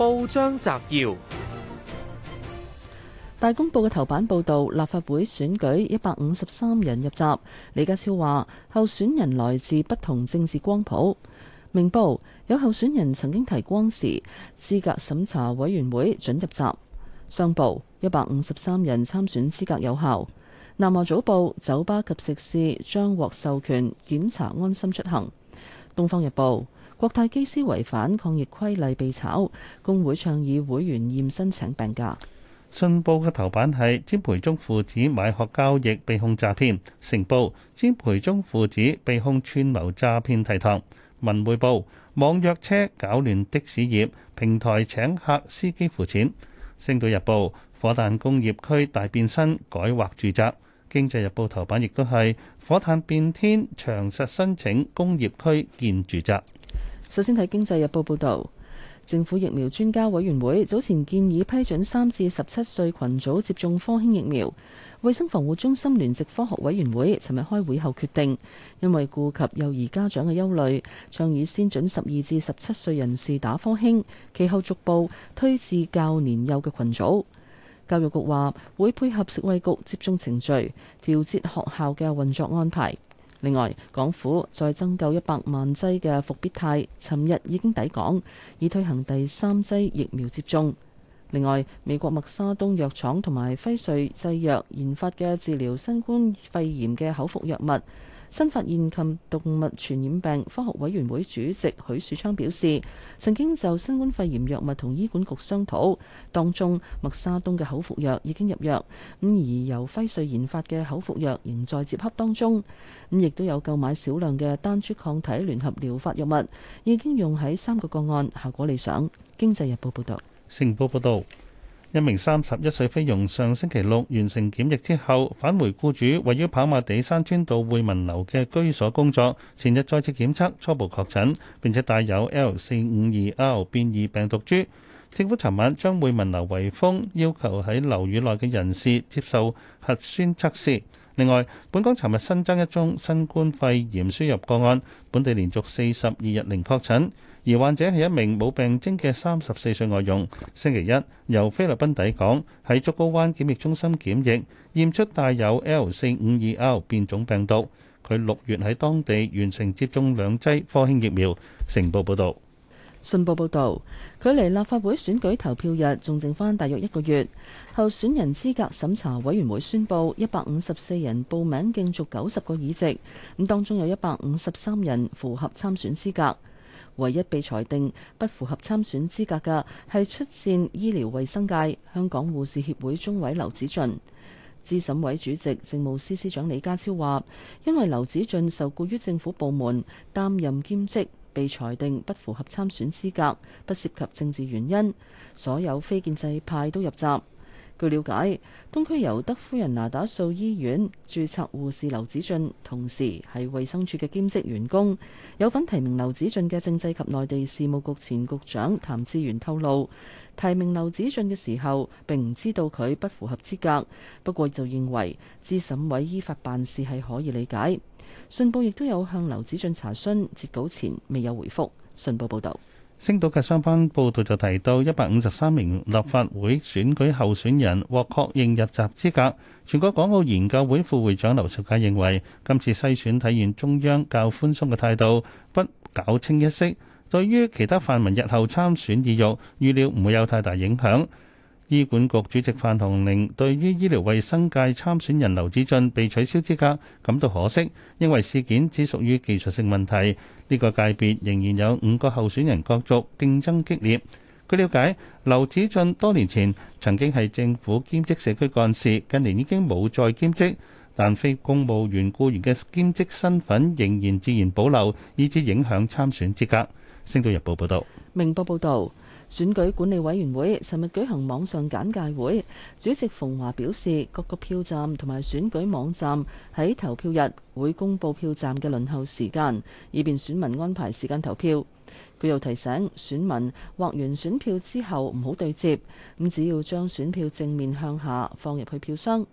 報章摘要：大公報嘅頭版報道立法會選舉一百五十三人入閘，李家超話候選人來自不同政治光譜。明報有候選人曾經提光時，資格審查委員會准入閘。商報一百五十三人參選資格有效。南華早報酒吧及食肆將獲授權檢查安心出行。東方日報。國泰機師違反抗疫規例被炒，工會倡議會員驗身請病假。信報嘅頭版係詹培忠父子買學交易被控詐騙，成報詹培忠父子被控串謀詐騙提堂。文匯報網約車搞亂的士業，平台請客司機付錢。星島日報火炭工業區大變身，改劃住宅。經濟日報頭版亦都係。火炭變天，長實申請工業區建住宅。首先睇經濟日報報導，政府疫苗專家委員會早前建議批准三至十七歲群組接種科興疫苗，衛生防護中心聯席科學委員會尋日開會後決定，因為顧及幼兒家長嘅憂慮，倡議先準十二至十七歲人士打科興，其後逐步推至較年幼嘅群組。教育局話會配合食衛局接種程序，調節學校嘅運作安排。另外，港府再增購一百萬劑嘅復必泰，尋日已經抵港，已推行第三劑疫苗接種。另外，美國默沙東藥廠同埋輝瑞製藥研發嘅治療新冠肺炎嘅口服藥物。新發現及動物傳染病科學委員會主席許樹昌表示，曾經就新冠肺炎藥物同醫管局商討，當中默沙東嘅口服藥已經入藥，咁而由輝瑞研發嘅口服藥仍在接洽當中，咁亦都有購買少量嘅單株抗體聯合療法藥物，已經用喺三個個案，效果理想。經濟日報報道。星報報道。一名三十一歲菲傭上星期六完成檢疫之後，返回雇主位於跑馬地山村道會民樓嘅居所工作。前日再次檢測初步確診，並且帶有 L 四五二 R 變異病毒株。政府尋晚將會民樓圍封，要求喺樓宇內嘅人士接受核酸測試。另外，本港尋日新增一宗新冠肺炎輸入個案，本地連續四十二日零確診。而患者係一名冇病徵嘅三十四歲外傭，星期一由菲律賓抵港，喺竹篙灣檢疫中心檢疫，驗出帶有 L 四五二 R 變種病毒。佢六月喺當地完成接種兩劑科興疫苗。成報報道。信報報導，距離立法會選舉投票日仲剩返大約一個月，候選人資格審查委員會宣布，一百五十四人報名競逐九十個議席，咁當中有一百五十三人符合參選資格，唯一被裁定不符合參選資格嘅係出戰醫療衛生界香港護士協會中委劉子俊。資審委主席政務司司長李家超話，因為劉子俊受雇於政府部門擔任兼職。被裁定不符合參選資格，不涉及政治原因。所有非建制派都入閘。據了解，東區尤德夫人拿打素醫院註冊護士劉子俊，同時係衛生署嘅兼職員工。有份提名劉子俊嘅政制及內地事務局前局長譚志源透露，提名劉子俊嘅時候並唔知道佢不符合資格，不過就認為資審委依法辦事係可以理解。信報亦都有向劉子俊查詢，截稿前未有回覆。信報報導，星島嘅相關報導就提到，一百五十三名立法會選舉候選人獲確認入閘資格。全國港澳研究會副會長劉兆佳認為，今次篩選體現中央較寬鬆嘅態度，不搞清一色，對於其他泛民日後參選意欲，預料唔會有太大影響。醫管局主席范鴻齡對於醫療衛生界參選人劉子俊被取消資格感到可惜，因為事件只屬於技術性問題。呢、這個界別仍然有五個候選人角逐，競爭激烈。據了解，劉子俊多年前曾經係政府兼職社區幹事，近年已經冇再兼職，但非公務員雇員嘅兼職身份仍然自然保留，以至影響參選資格。星島日報報道，明報報道。選舉管理委員會尋日舉行網上簡介會，主席馮華表示，各個票站同埋選舉網站喺投票日會公布票站嘅輪候時間，以便選民安排時間投票。佢又提醒選民畫完選票之後唔好對摺，咁只要將選票正面向下放入去票箱。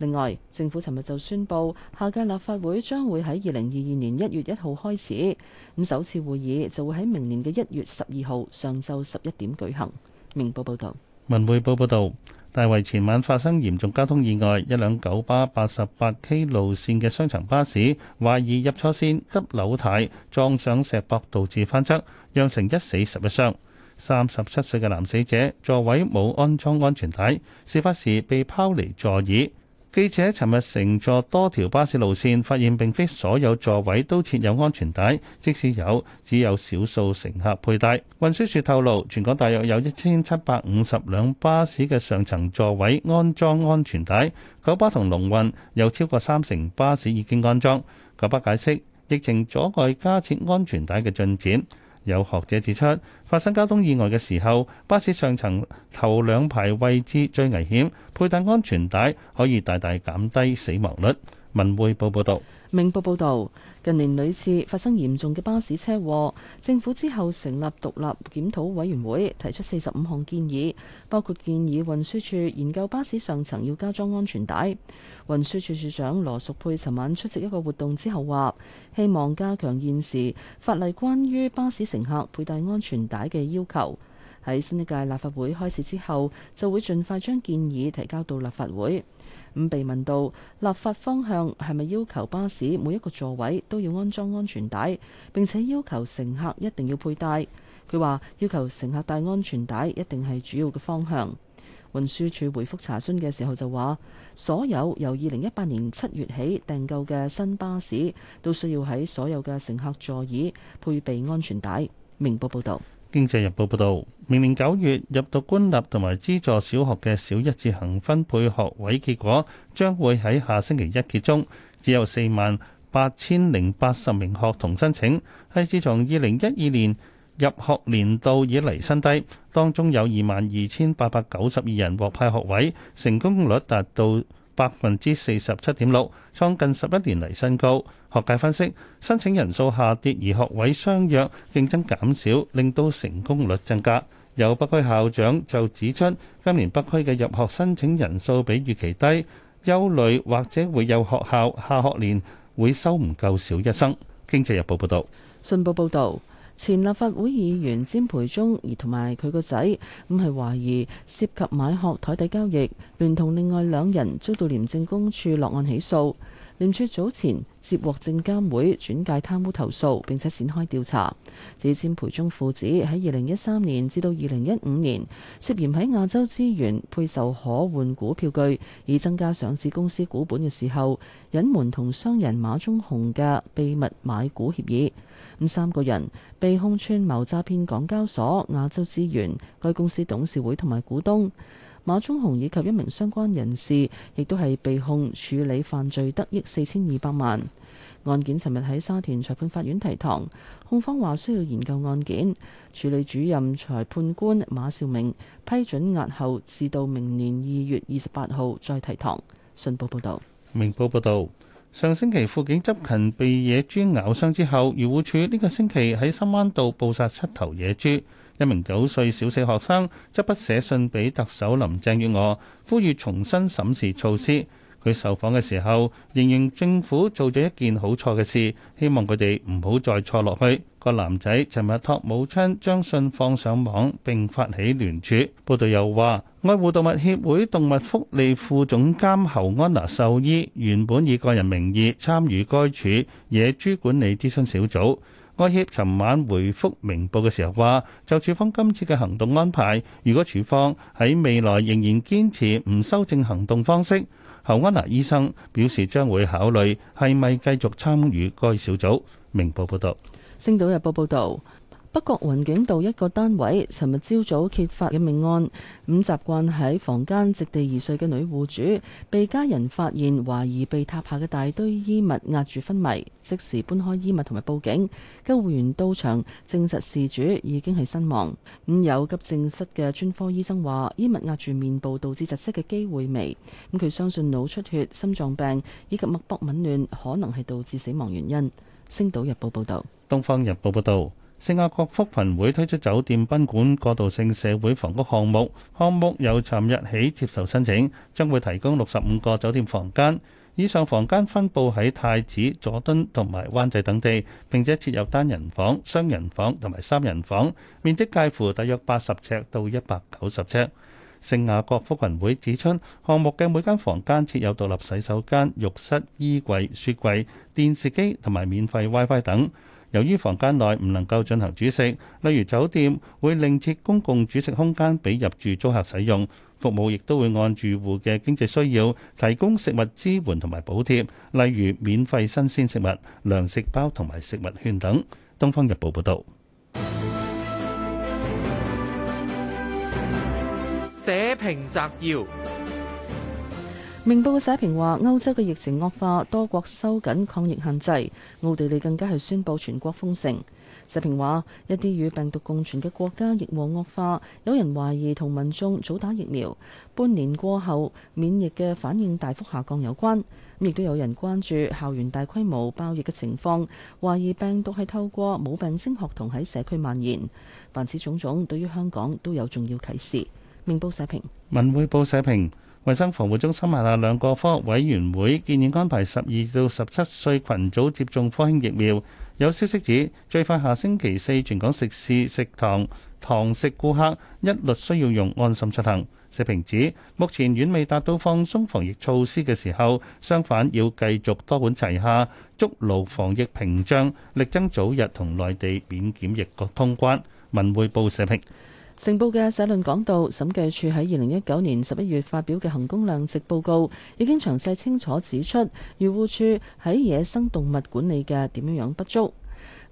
另外，政府尋日就宣布，下屆立法會將會喺二零二二年一月一號開始，咁，首次會議就會喺明年嘅一月十二號上晝十一點舉行。明報報道：文匯報報道，大圍前晚發生嚴重交通意外，一輛九巴八十八 K 路線嘅雙層巴士懷疑入錯線，急扭軚，撞上石壆，導致翻側，釀成一死十一傷。三十七歲嘅男死者座位冇安裝安全帶，事發時被拋離座椅。記者尋日乘坐多條巴士路線，發現並非所有座位都設有安全帶，即使有，只有少數乘客佩戴。運輸署透露，全港大約有一千七百五十輛巴士嘅上層座位安裝安全帶，九巴同龍運有超過三成巴士已經安裝。九巴解釋，疫情阻礙加設安全帶嘅進展。有學者指出，發生交通意外嘅時候，巴士上層頭兩排位置最危險，佩戴安全帶可以大大減低死亡率。文匯報報道，明報報道，近年屢次發生嚴重嘅巴士車禍，政府之後成立獨立檢討委員會，提出四十五項建議，包括建議運輸署研究巴士上層要加裝安全帶。運輸署署長羅淑佩尋晚出席一個活動之後話，希望加強現時法例關於巴士乘客佩戴安全帶嘅要求。喺新一屆立法會開始之後，就會盡快將建議提交到立法會。咁、嗯、被問到立法方向係咪要求巴士每一個座位都要安裝安全帶，並且要求乘客一定要佩戴？佢話要求乘客戴安全帶一定係主要嘅方向。運輸署回覆查詢嘅時候就話，所有由二零一八年七月起訂購嘅新巴士都需要喺所有嘅乘客座椅配備安全帶。明報報道。經濟日報報導，明年九月入讀官立同埋資助小學嘅小一自行分配學位結果將會喺下星期一揭盅，只有四萬八千零八十名學童申請，係自從二零一二年入學年度以嚟新低，當中有二萬二千八百九十二人獲派學位，成功率達到百分之四十七點六，創近十一年嚟新高。學界分析，申請人數下跌而學位相若，競爭減少，令到成功率增加。有北區校長就指出，今年北區嘅入學申請人數比預期低，憂慮或者會有學校下學年會收唔夠少學生。經濟日報報道。信報報導。前立法會議員詹培忠而同埋佢個仔，咁係懷疑涉及買學枱底交易，聯同另外兩人遭到廉政公署落案起訴。廉署早前接獲證監會轉介貪污投訴，並且展開調查。至於詹培忠父子喺二零一三年至到二零一五年，涉嫌喺亞洲資源配售可換股票據，以增加上市公司股本嘅時候，隱瞞同商人馬忠雄嘅秘密買股協議。咁三個人被控串謀詐騙港交所、亞洲資源、該公司董事會同埋股東。馬忠雄以及一名相關人士，亦都係被控處理犯罪得益四千二百萬。案件尋日喺沙田裁判法院提堂，控方話需要研究案件，處理主任裁判官馬少明批准押後，至到明年二月二十八號再提堂。信報報道，明報報道，上星期輔警執勤被野豬咬傷之後，漁護署呢個星期喺深灣道捕殺七頭野豬。一名九歲小四學生則不寫信俾特首林鄭月娥，呼籲重新審視措施。佢受訪嘅時候，形容政府做咗一件好錯嘅事，希望佢哋唔好再錯落去。個男仔尋日託母親將信放上網並發起聯署。報道又話，愛護動物協會動物福利副總監侯侯安娜獸醫原本以個人名義參與該處野豬管理諮詢小組。愛協尋晚回覆明報嘅時候話，就處方今次嘅行動安排，如果處方喺未來仍然堅持唔修正行動方式，侯安娜醫生表示將會考慮係咪繼續參與該小組。明報報道。《星島日報》報道。北角雲景道一個單位，尋日朝早揭發嘅命案，咁習慣喺房間席地而睡嘅女戶主，被家人發現懷疑被塌下嘅大堆衣物壓住昏迷，即時搬開衣物同埋報警。救護員到場，證實事主已經係身亡。咁有急症室嘅專科醫生話，衣物壓住面部導致窒息嘅機會微，咁佢相信腦出血、心臟病以及脈搏紊亂可能係導致死亡原因。星島日報報道。東方日報報導。聖雅各福群會推出酒店賓館過渡性社會房屋項目，項目由尋日起接受申請，將會提供六十五個酒店房間。以上房間分佈喺太子、佐敦同埋灣仔等地，並且設有單人房、雙人房同埋三人房，面積介乎大約八十呎到一百九十呎。聖雅各福群會指出，項目嘅每間房間設有獨立洗手間、浴室、衣櫃、雪櫃、電視機同埋免費 WiFi 等。由於房間內唔能夠進行煮食，例如酒店會另設公共煮食空間俾入住租客使用，服務亦都會按住戶嘅經濟需要提供食物支援同埋補貼，例如免費新鮮食物、糧食包同埋食物券等。《東方日報》報導。社評摘要。明報嘅社評話，歐洲嘅疫情惡化，多國收緊抗疫限制，奧地利更加係宣布全國封城。社評話，一啲與病毒共存嘅國家亦望惡化，有人懷疑同民眾早打疫苗半年過後免疫嘅反應大幅下降有關。亦都有人關注校園大規模爆疫嘅情況，懷疑病毒係透過冇病徵學童喺社區蔓延。凡此種種，對於香港都有重要啟示。明報社評，文匯報社評。衞生防護中心轄下兩個科學委員會建議安排十二到十七歲群組接種科興疫苗。有消息指，最快下星期四，全港食肆、食堂、堂食顧客一律需要用安心出行。社評指，目前遠未達到放鬆防疫措施嘅時候，相反要繼續多管齊下，築牢防疫屏障，力爭早日同內地免檢疫國通關。文匯報社評。成報嘅社論講到，審計署喺二零一九年十一月發表嘅衡工量值報告，已經詳細清楚指出漁護處喺野生動物管理嘅點樣樣不足。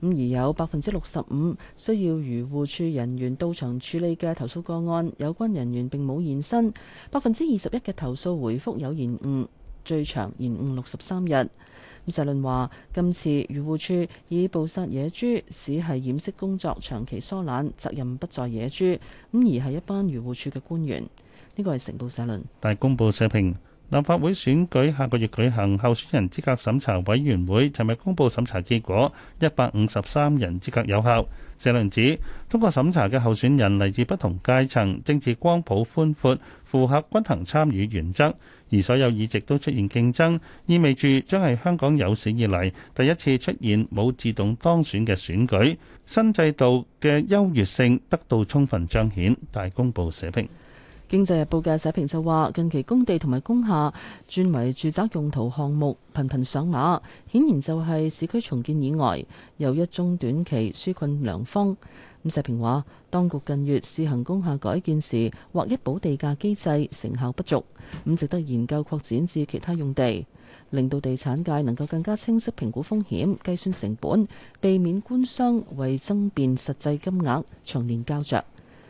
咁而有百分之六十五需要漁護處人員到場處理嘅投訴個案，有關人員並冇現身。百分之二十一嘅投訴回覆有延誤。最長延誤六十三日。咁社論話：今次漁護處以捕殺野豬，只係掩飾工作長期疏懶，責任不在野豬，咁而係一班漁護處嘅官員。呢個係成報社論，大公報社評。立法會選舉下個月舉行，候選人資格審查委員會尋日公布審查結果，一百五十三人資格有效。社論指通過審查嘅候選人嚟自不同階層，政治光譜寬闊，符合均衡參與原則，而所有議席都出現競爭，意味住將係香港有史以嚟第一次出現冇自動當選嘅選舉，新制度嘅優越性得到充分彰顯。大公報社評。經濟日報嘅社評就話：近期工地同埋工廈轉為住宅用途項目頻頻上馬，顯然就係市區重建以外又一中短期紓困良方。咁社評話，當局近月試行工廈改建時，劃一保地價機制成效不足，咁值得研究擴展至其他用地，令到地產界能夠更加清晰評估風險、計算成本，避免官商為爭辯實際金額長年膠着。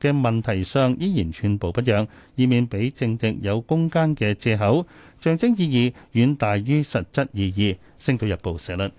嘅問題上依然寸步不讓，以免俾政敵有攻堅嘅藉口。象徵意義遠大於實質意義。星島日報社論。